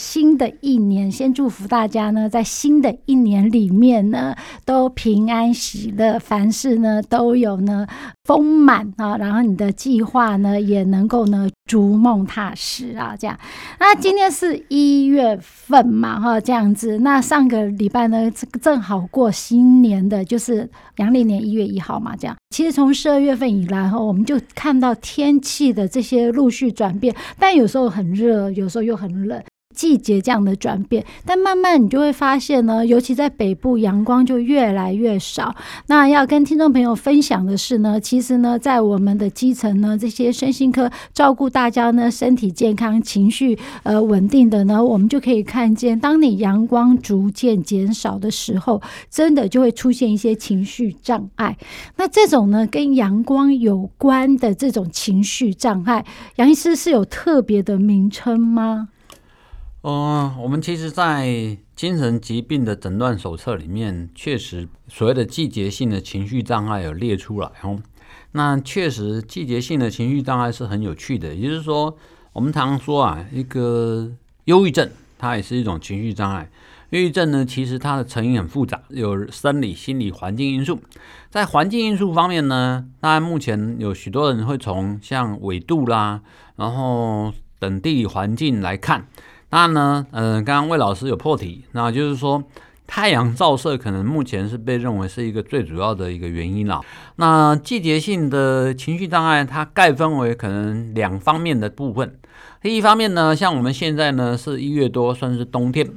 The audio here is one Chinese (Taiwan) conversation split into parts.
新的一年，先祝福大家呢，在新的一年裡面呢，都平安喜樂，凡事呢都有呢豐滿啊，然後你的計劃呢也能夠呢逐夢踏實啊、哦，這樣。那今天是一月份嘛，哈、哦，這樣子。那上個禮拜呢，正正好過新年的，就是陽曆年一月一號嘛，這樣。其實從十二月份以來，哈、哦，我們就看到天氣的這些陸續轉變，但有時候很熱，有時候又很冷。季節這樣的轉變，但慢慢你就會發現呢，尤其在北部，陽光就越來越少。那要跟聽眾朋友分享的是呢，其實呢，在我們的基層呢，這些身心科照顧大家呢身體健康、情緒呃穩定的呢，我們就可以看見，當你陽光逐漸減少的時候，真的就會出現一些情緒障礙。那這種呢跟陽光有關的這種情緒障礙，楊醫師是有特別的名稱嗎？嗯、呃，我們其實，在精神疾病的診斷手冊裡面，確實所謂的季節性的情緒障礙有列出來、哦。那確實季節性的情緒障礙是很有趣的。也就是說，我們常常說啊，一個憂鬱症，它也是一種情緒障礙。憂鬱症呢，其實它的成因很複雜，有生理、心理、環境因素。在環境因素方面呢，當然目前有許多人會從像緯度啦，然後等地理環境來看。那呢？嗯、呃，剛剛魏老師有破題，那就是說太陽照射可能目前是被認為是一個最主要的一個原因了。那季節性的情緒障礙，它概分為可能兩方面的部分。第一方面呢，像我們現在呢是一月多，算是冬天。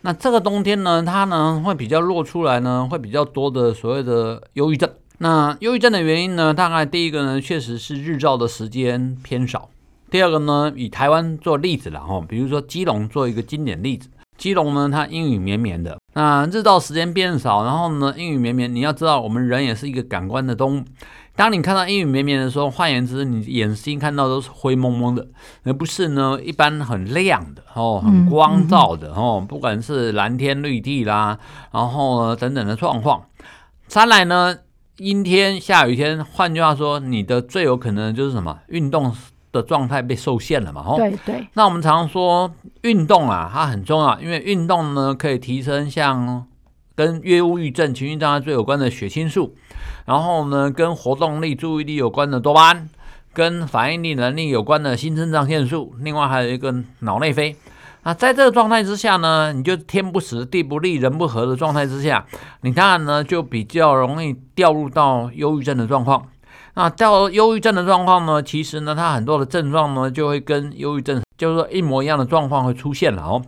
那這個冬天呢，它呢會比較落出來呢，會比較多的所謂的憂鬱症。那憂鬱症的原因呢，大概第一個呢，確實是日照的時間偏少。第二個呢，以台灣做例子，然後比如說基隆做一個經典例子，基隆呢，它陰雨綿綿的，那日照時間變少，然後呢，陰雨綿綿，你要知道，我們人也是一個感官的動物，當你看到陰雨綿綿的時候，換言之，你眼睛看到都是灰濛濛的，而不是呢，一般很亮的哦，很光照的、嗯嗯、哦，不管是藍天綠地啦，然後呢，等等的狀況，再來呢，陰天下雨天，換句話說，你的最有可能就是什麼運動的狀態被受限了嘛？哦，對對。那我們常常說運動啊，它很重要，因為運動呢，可以提升像跟憂鬱症、情緒障礙最有關的血清素，然後呢，跟活動力、注意力有關的多巴胺，跟反應力、能力有關的腎上腺素，另外還有一個腦內啡。啊，在這個狀態之下呢，你就天不時、地不利、人不和的狀態之下，你看呢，就比較容易掉入到憂鬱症的狀況。那到憂鬱症的狀況呢？其實呢，它很多的症狀呢，就會跟憂鬱症就是說一模一樣的狀況會出現了哦。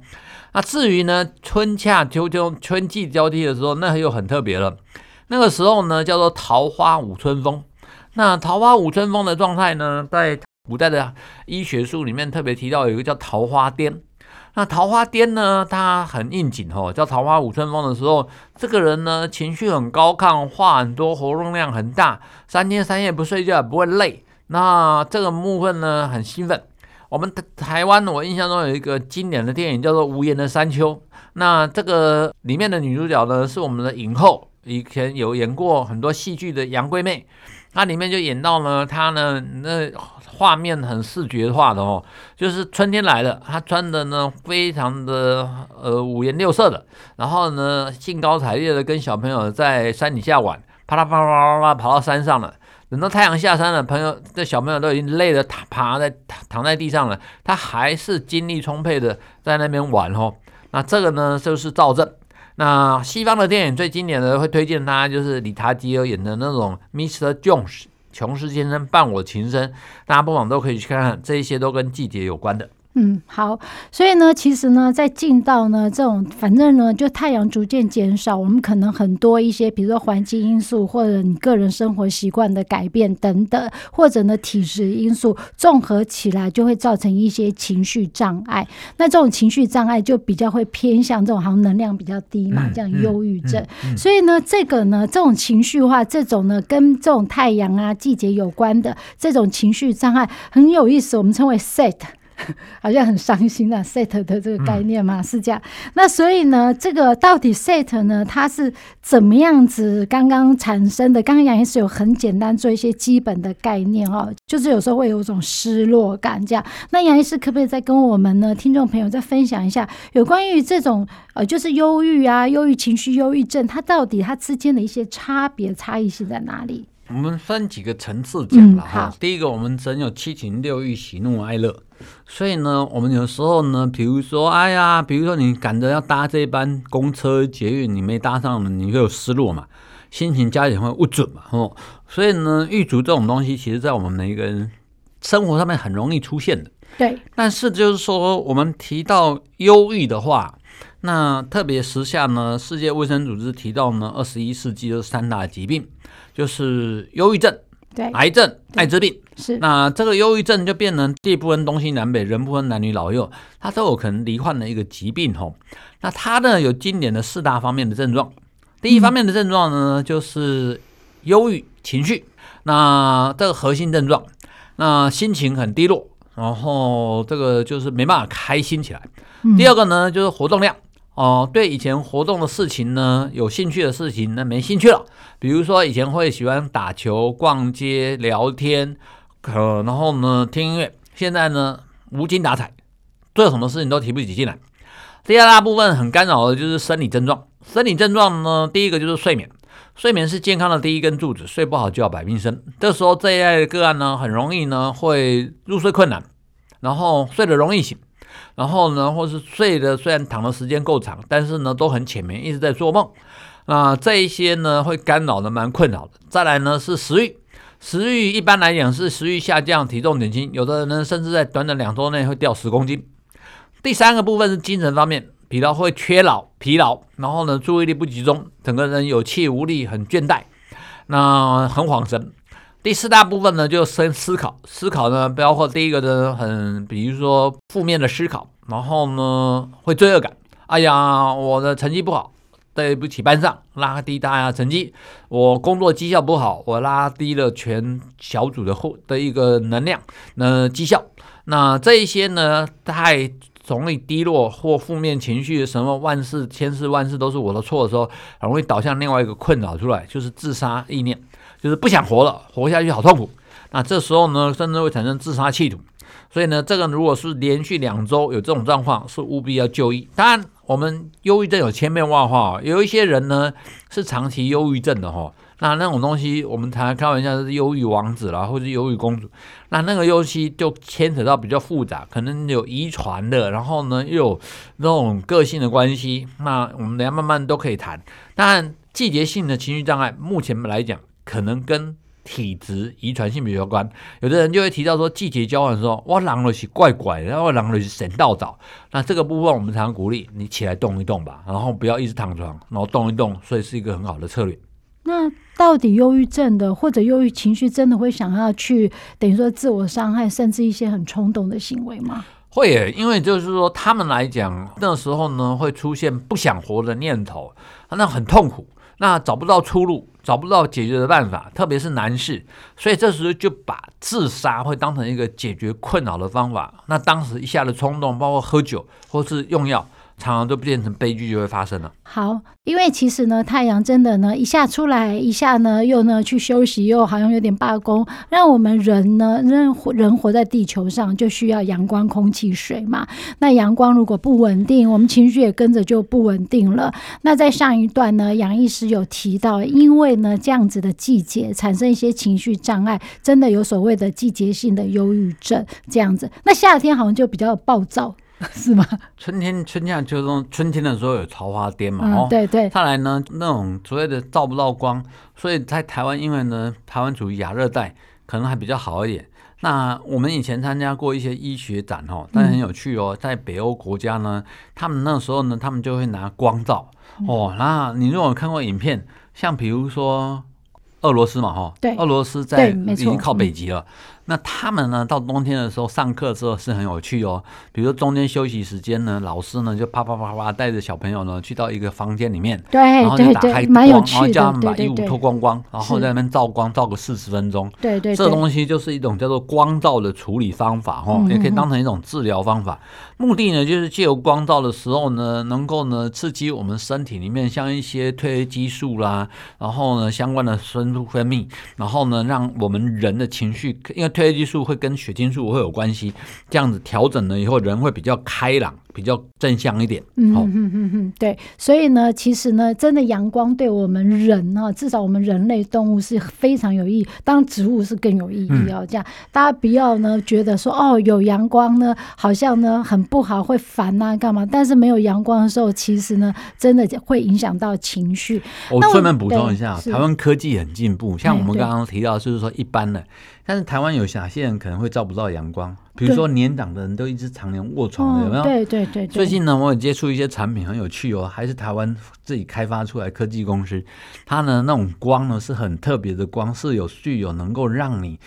那至於呢，春夏秋冬春季交替的時候，那個又很特別了。那個時候呢，叫做桃花舞春風。那桃花舞春風的狀態呢，在古代的醫學書裡面特別提到，有一個叫桃花癲。那桃花癲呢，他很應景哦，叫桃花舞春風的時候，這個人呢，情緒很高亢，話很多，活動量很大，三天三夜不睡覺也不會累。那這個部分呢，很興奮。我們台灣，我印象中有一個經典的電影叫做《無言的山丘》，那這個裡面的女主角呢，是我們的影後，以前有演過很多戲劇的楊貴媚。她裡面就演到了她呢那。畫面很視覺化的哦，就是春天來了，他穿的呢非常的呃五顏六色的，然後呢興高采烈的跟小朋友在山底下玩，啪啦啪啦啪啦啪啦啪啦，跑到山上了。等到太陽下山了，朋友這小朋友都已經累得趴在躺在地上了，他還是精力充沛的在那邊玩哦。那這個呢就是躁症。那西方的電影最經典的會推薦他就是李察吉爾演的那種 Mr. Jones。瓊斯先生伴我情深，大家不妨都可以去看看，這一些都跟季節有關的。嗯，好，所以呢，其實呢，在進到呢這種，反正呢，就太陽逐漸減少，我們可能很多一些，比如說環境因素或者你個人生活習慣的改變等等，或者呢體質因素綜合起來，就會造成一些情緒障礙。那這種情緒障礙就比較會偏向這種，好像能量比較低嘛，這樣憂鬱症。嗯嗯嗯嗯、所以呢，這個呢，這種情緒化，這種呢跟這種太陽啊季節有關的這種情緒障礙很有意思，我們稱為 SAD 好像很傷心啊，SAD 的這個概念嘛，嗯、是這樣。那所以呢，這個到底 SAD 呢，它是怎麼樣子剛剛產生的？剛剛楊醫師有很簡單做一些基本的概念哈、哦，就是有時候會有一種失落感這樣。那楊醫師可不可以再跟我們呢，聽眾朋友再分享一下有關於這種呃，就是憂鬱啊，憂鬱情緒、憂鬱症，它到底它之間的一些差別差異性在哪裡？我們分幾個層次講了哈。嗯、第一個，我們人有七情六欲，喜怒哀樂。所以呢，我們有時候呢，比如說，哎呀，比如說你趕着要搭這班公車、捷運，你沒搭上，你就有失落嘛，心情加起會不準嘛，哦。所以呢，鬱卒這種東西，其實在我們每一個人生活上面很容易出現的。對。但是就是說，我們提到憂鬱的話，那特別時下呢，世界衛生組織提到呢，二十一世紀的三大疾病就是憂鬱症。對癌症、艾滋對病，是，那這個憂鬱症就變成地不分東西南北，人不分男女老幼，他都有可能罹患的一個疾病吼。那他呢，有經典的四大方面的症狀，第一方面的症狀呢、嗯、就是憂鬱情緒，那這個核心症狀，那心情很低落，然後這個就是沒辦法開心起來。嗯、第二個呢就是活動量。哦、呃，對以前活動的事情呢，有興趣的事情那沒興趣了。比如說以前會喜歡打球、逛街、聊天，呃，然後呢聽音樂。現在呢無精打采，做什麼事情都提不起勁來。第二大部分很干擾的就是生理症狀。生理症狀呢，第一個就是睡眠，睡眠是健康的第一根柱子，睡不好就要百病生。這時候這一類的個案呢，很容易呢會入睡困難，然後睡得容易醒。然後呢，或是睡的雖然躺的時間夠長，但是呢都很淺眠，一直在做夢。那、呃、這一些呢會干擾的蠻困擾的。再來呢是食欲，食欲一般來講是食欲下降，體重減輕，有的人甚至在短短兩周內會掉十公斤。第三個部分是精神方面，疲勞會缺腦、疲勞，然後呢注意力不集中，整個人有氣無力，很倦怠，那很恍神。第四大部分呢，就先思考，思考呢，包括第一個呢，很比如說負面的思考，然後呢，會罪惡感，哎呀，我的成績不好，對不起班上，拉低大家成績，我工作績效不好，我拉低了全小組的戶的一個能量，那績效，那這一些呢，太容易低落或負面情緒，什麼萬事千事萬事都是我的錯的時候，很容易導向另外一個困擾出來，就是自殺意念。就是不想活了，活下去好痛苦。那這時候呢，甚至會產生自殺企圖。所以呢，這個如果是連續兩周有這種狀況，是務必要就醫。當然，我們憂鬱症有千變萬化，有一些人呢是長期憂鬱症的吼。那那種東西，我們常開玩笑是憂鬱王子啦，或者憂鬱公主。那那個憂鬱就牽扯到比較複雜，可能有遺傳的，然後呢又有那種個性的關係。那我們等下慢慢都可以談。但季節性的情緒障礙，目前來講，可能跟體質、遺傳性比較有關，有的人就會提到說，季節交換的時候，哇，狼了是怪怪的，然後狼了是神道早。那這個部分我們常常鼓勵你起來動一動吧，然後不要一直躺床，然後動一動，所以是一個很好的策略。那到底憂鬱症的或者憂鬱情緒真的會想要去等於說自我傷害，甚至一些很衝動的行為嗎？會耶，因為就是說他們來講那時候呢會出現不想活的念頭，那很痛苦，那找不到出路。找不到解決的辦法，特別是男士，所以這時候就把自殺會當成一個解決困擾的方法。那當時一下子的衝動，包括喝酒或是用藥。常常都變成悲劇就會發生了。好，因為其實呢，太陽真的呢一下出來，一下呢又呢去休息，又好像有點罷工，讓我們人呢，人活人活在地球上就需要陽光、空氣、水嘛。那陽光如果不穩定，我們情緒也跟着就不穩定了。那在上一段呢，楊醫師有提到，因為呢，這樣子的季節產生一些情緒障礙，真的有所謂的季節性的憂鬱症這樣子。那夏天好像就比較暴躁。是嗎？春天、春夏秋冬，春天的時候有桃花癲嘛？哦、嗯，對對。再來呢，那種所謂的照不到光，所以在台灣，因為呢，台灣屬於亞熱帶，可能還比較好一點。那我們以前參加過一些醫學展哦，但很有趣哦、喔，嗯、在北歐國家呢，他們那時候呢，他們就會拿光照哦、喔。那你如果看過影片，像比如說俄羅斯嘛，哈，對，俄羅斯在已經靠北極了。嗯那他們呢？到冬天的時候上課的時候是很有趣哦。比如說中間休息時間呢，老師呢就啪啪啪啪帶着小朋友呢去到一個房間裡面，對，然後就打開光，對對對然後叫他們把衣服脫光光，對對對然後在那邊照光，是照個四十分鐘。對，對對，這東西就是一種叫做光照的處理方法哦，對對對也可以當成一種治療方法。嗯、哼目的呢就是借由光照的時候呢，能夠呢刺激我們身體裡面像一些褪黑激素啦、啊，然後呢相關的深度分泌，然後呢讓我們人的情緒因為。褪黑激素會跟血清素會有關係，這樣子調整了以後，人會比較開朗。比較正向一點，嗯嗯嗯、oh、對，所以呢，其實呢，真的陽光對我們人啊，至少我們人類動物是非常有意義，當植物是更有意義哦。這樣大家不要呢覺得說哦，有陽光呢好像呢很不好，會煩吶幹嘛，但是沒有陽光的時候，其實呢真的會影響到情緒。哦、我專門補充一下，對台灣科技很進步，對像我們剛剛提到是就是說一般的，但是台灣有哪些人可能會照不到陽光？比如說年長的人都一直常年臥床有沒有、嗯？對對對。對對最近呢，我也接觸一些產品，很有趣哦，還是台灣自己開發出來科技公司。它呢，那種光呢是很特別的光，是有具有能夠讓你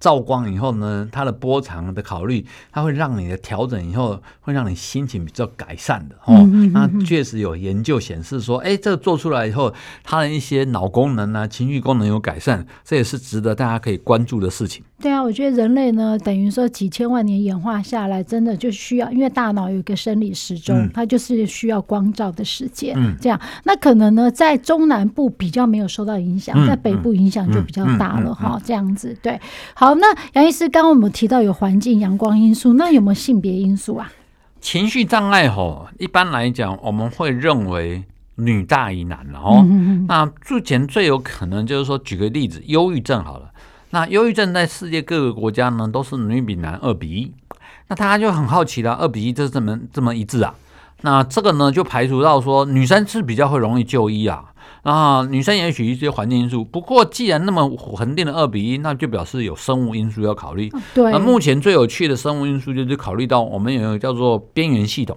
照光以後呢，它的波長的考慮，它會讓你的調整以後，會讓你心情比較改善的哦。嗯嗯嗯、那確實有研究顯示說，哎，這個做出來以後，它的一些腦功能啊、情緒功能有改善，這也是值得大家可以關注的事情。對啊，我覺得人類呢，等於說幾千萬年演化下來，真的就需要，因為大腦有一個生理時鐘，嗯、它就是需要光照的時間。嗯、這樣，那可能呢，在中南部比較沒有受到影響，嗯、在北部影響就比較大了、嗯嗯、哈。這樣子，對。好，那楊醫師剛剛我們提到有環境陽光因素，那有沒有性別因素啊？情緒障礙吼，一般來講，我們會認為女大於男了哦。然後，嗯嗯嗯、那之前最有可能就是說，舉個例子，憂鬱症好了。那憂鬱症在世界各個國家呢，都是女比男二比一。那大家就很好奇了，二比一這怎麼這麼一致啊？那這個呢，就排除到說女生是比較會容易就醫啊。那女生也許一些環境因素，不過既然那麼恆定的二比一，那就表示有生物因素要考慮。哦。對，那目前最有趣的生物因素就是考慮到我們有叫做邊緣系統。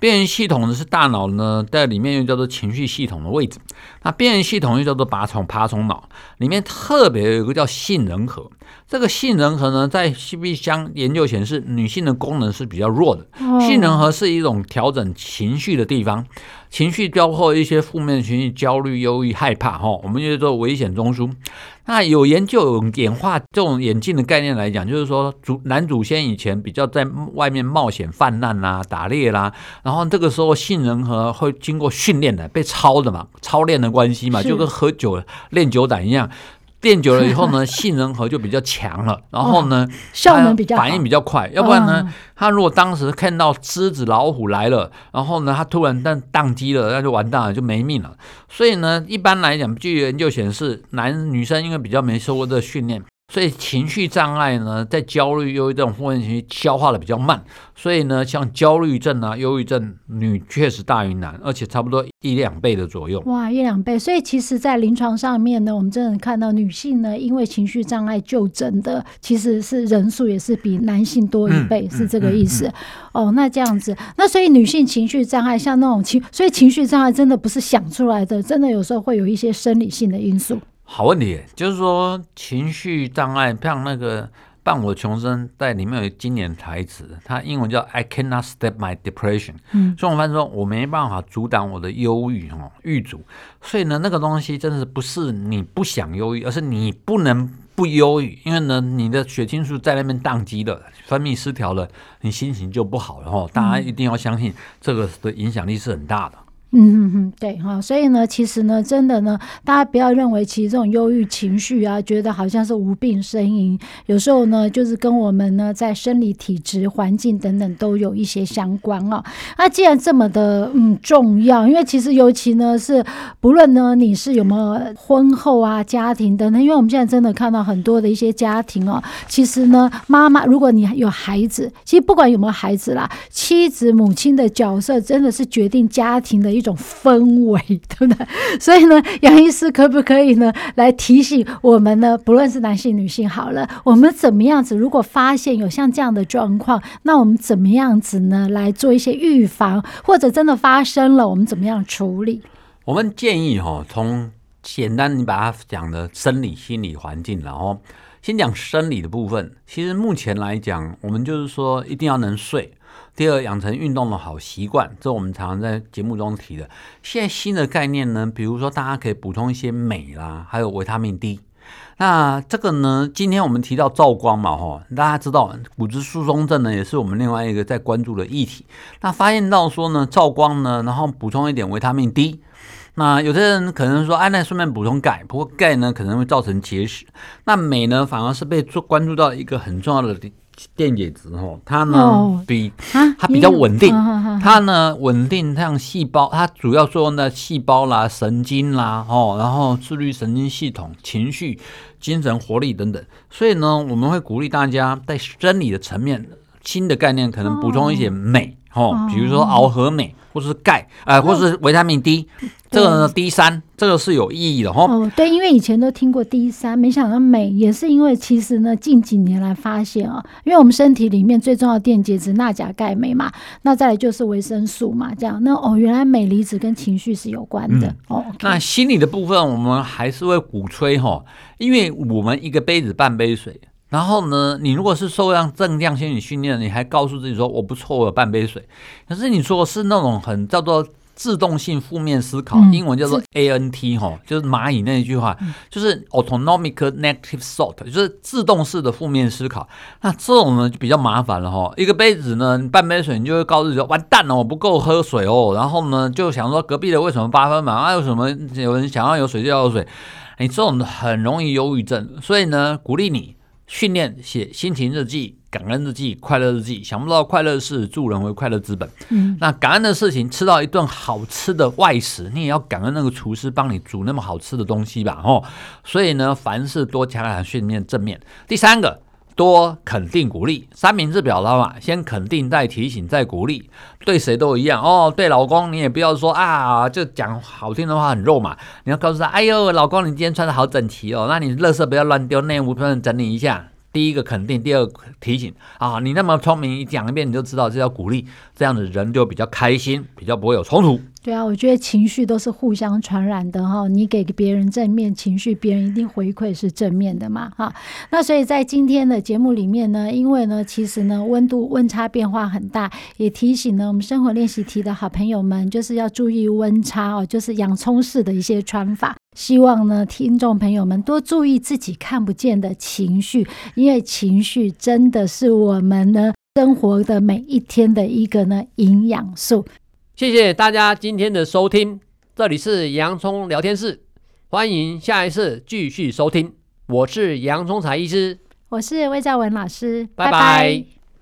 邊緣系統呢是大腦呢在裡面又叫做情緒系統的位置，那邊緣系統又叫做爬蟲爬蟲腦，裡面特別有一個叫杏仁核，這個杏仁核呢在西皮相研究顯示女性的功能是比較弱的，哦，杏仁核是一種調整情緒的地方。情緒包括一些負面情緒，焦慮、憂鬱、害怕，哈，我們就叫做危險中樞。那有研究有演化這種演進的概念來講，就是說祖男祖先以前比較在外面冒險犯難啦、啊、打獵啦、啊，然後這個時候杏仁核會經過訓練的，被操的嘛，操練的關係嘛，是就跟喝酒練酒膽一樣。練久了以後呢，杏仁核就比較強了，然後呢，哦、他反應比較快。要不然呢，他如果當時看到獅子老虎來了，哦、然後呢，他突然當當機了，那就完蛋了，就沒命了。所以呢，一般來講，據研究顯示，男女生應該比較沒受過這訓練。所以情緒障礙呢，在焦慮、憂鬱症、種負面情緒消化的比較慢，所以呢，像焦慮症啊、憂鬱症，女確實大於男，而且差不多一兩倍的左右。哇，一兩倍！所以其實，在臨床上面呢，我們真的看到女性呢，因為情緒障礙就診的，其實是人數也是比男性多一倍，嗯、是這個意思。嗯嗯嗯、哦，那這樣子，那所以女性情緒障礙像那種情，所以情緒障礙真的不是想出來的，真的有時候會有一些生理性的因素。好問題、欸，就是說情緒障礙，像那個《伴我窮生》在裡面有經典台詞，它英文叫 "I cannot stop my depression"，所以我發現說：“我沒辦法阻擋我的憂鬱哦，御阻。”所以呢，那個東西真的是不是你不想憂鬱，而是你不能不憂鬱，因為呢，你的血清素在那邊宕機了，分泌失調了，你心情就不好了。哈，大家一定要相信這個的影響力是很大的。嗯嗯嗯，對哈、啊，所以呢，其實呢，真的呢，大家不要認為其實這種憂鬱情緒啊，覺得好像是無病呻吟，有時候呢，就是跟我們呢在生理體質、環境等等都有一些相關啊。那、啊、既然這麼的嗯重要，因為其實尤其呢是不論呢你是有沒有婚後啊家庭等等，因為我們現在真的看到很多的一些家庭啊，其實呢媽媽，如果你有孩子，其實不管有沒有孩子啦，妻子、母親的角色真的是決定家庭的。一種氛圍，對不對？所以呢，楊醫師可不可以呢來提醒我們呢？不論是男性、女性，好了，我們怎麼樣子？如果發現有像這樣的狀況，那我們怎麼樣子呢？來做一些預防，或者真的發生了，我們怎麼樣處理？我們建議哈，從簡單你把它講的生理、心理環境，然後先講生理的部分。其實目前來講，我們就是說一定要能睡。第二，養成運動的好習慣，這是我們常常在節目中提的。現在新的概念呢，比如說大家可以補充一些鎂啦，還有維他命 D。那這個呢，今天我們提到照光嘛，吼，大家知道骨質疏鬆症呢，也是我們另外一個在關注的議題。那發現到說呢，照光呢，然後補充一點維他命 D。那有的人可能說，哎、啊，那順便補充鈣，不過鈣呢可能會造成結石。那鎂呢，反而是被做關注到一個很重要的電解質哈，它呢比它比較穩定，它呢穩定像細胞，它主要作用在細胞啦、神經啦，哦，然後自律神經系統、情緒、精神活力等等，所以呢，我們會鼓勵大家在生理的層面，新的概念可能補充一些鎂哈、哦，比如說螯合鎂。或是鈣，呃，或是維他命 D，、嗯、這個呢對 D 三，這個是有意義的哦，對，因為以前都聽過 D 三，沒想到鎂也是因為其實呢，近幾年來發現啊、喔，因為我們身體裡面最重要的電解質鈉鉀鈣鎂嘛，那再來就是維生素嘛，這樣那哦，原來鎂離子跟情緒是有關的、嗯、哦。Okay、那心理的部分我們還是會鼓吹哈、喔，因為我們一個杯子半杯水。然後呢，你如果是受讓正向心理訓練的，你還告訴自己說“我不錯，我有半杯水”。可是你說是那種很叫做自動性負面思考，嗯、英文叫做 A N T 哈，就是螞蟻那一句話，嗯、就是 autonomic negative thought，就是自動式的負面思考。那這種呢就比較麻煩了哈。一個杯子呢，半杯水，你就會告訴自己說“完蛋了，我不夠喝水哦”。然後呢就想說隔壁的為什麼八分滿、啊，有什麼有人想要有水就要有水？你、哎、這種很容易憂鬱症，所以呢鼓勵你訓練寫心情日記、感恩日記、快樂日記。想不到快樂是助人為快樂之本。嗯，那感恩的事情，吃到一頓好吃的外食，你也要感恩那個廚師幫你煮那麼好吃的東西吧？哦，所以呢，凡事多加點訓練正面。第三個。多肯定鼓勵，三明治表達嘛，先肯定，再提醒，再鼓勵，對誰都一樣哦。對老公，你也不要說啊，就講好聽的話很肉麻，你要告訴他，哎呦，老公，你今天穿的好整齊哦，那你垃圾不要亂丟，內務部分整理一下。第一個肯定，第二個提醒啊，你那麼聰明，一講一遍你就知道，這叫鼓勵，這樣子人就比較開心，比較不會有衝突。對啊，我覺得情緒都是互相傳染的哈，你給別人正面情緒，別人一定回饋是正面的嘛哈。那所以在今天的節目裡面呢，因為呢，其實呢，溫度溫差變化很大，也提醒了我們生活練習題的好朋友們，就是要注意溫差哦，就是洋蔥式的一些穿法。希望呢，聽眾朋友們多注意自己看不見的情緒，因為情緒真的是我們呢生活的每一天的一個呢營養素。謝謝大家今天的收聽，這裡是洋蔥聊天室，歡迎下一次繼續收聽，我是楊聰財醫師，我是魏兆玟老師，拜拜。拜拜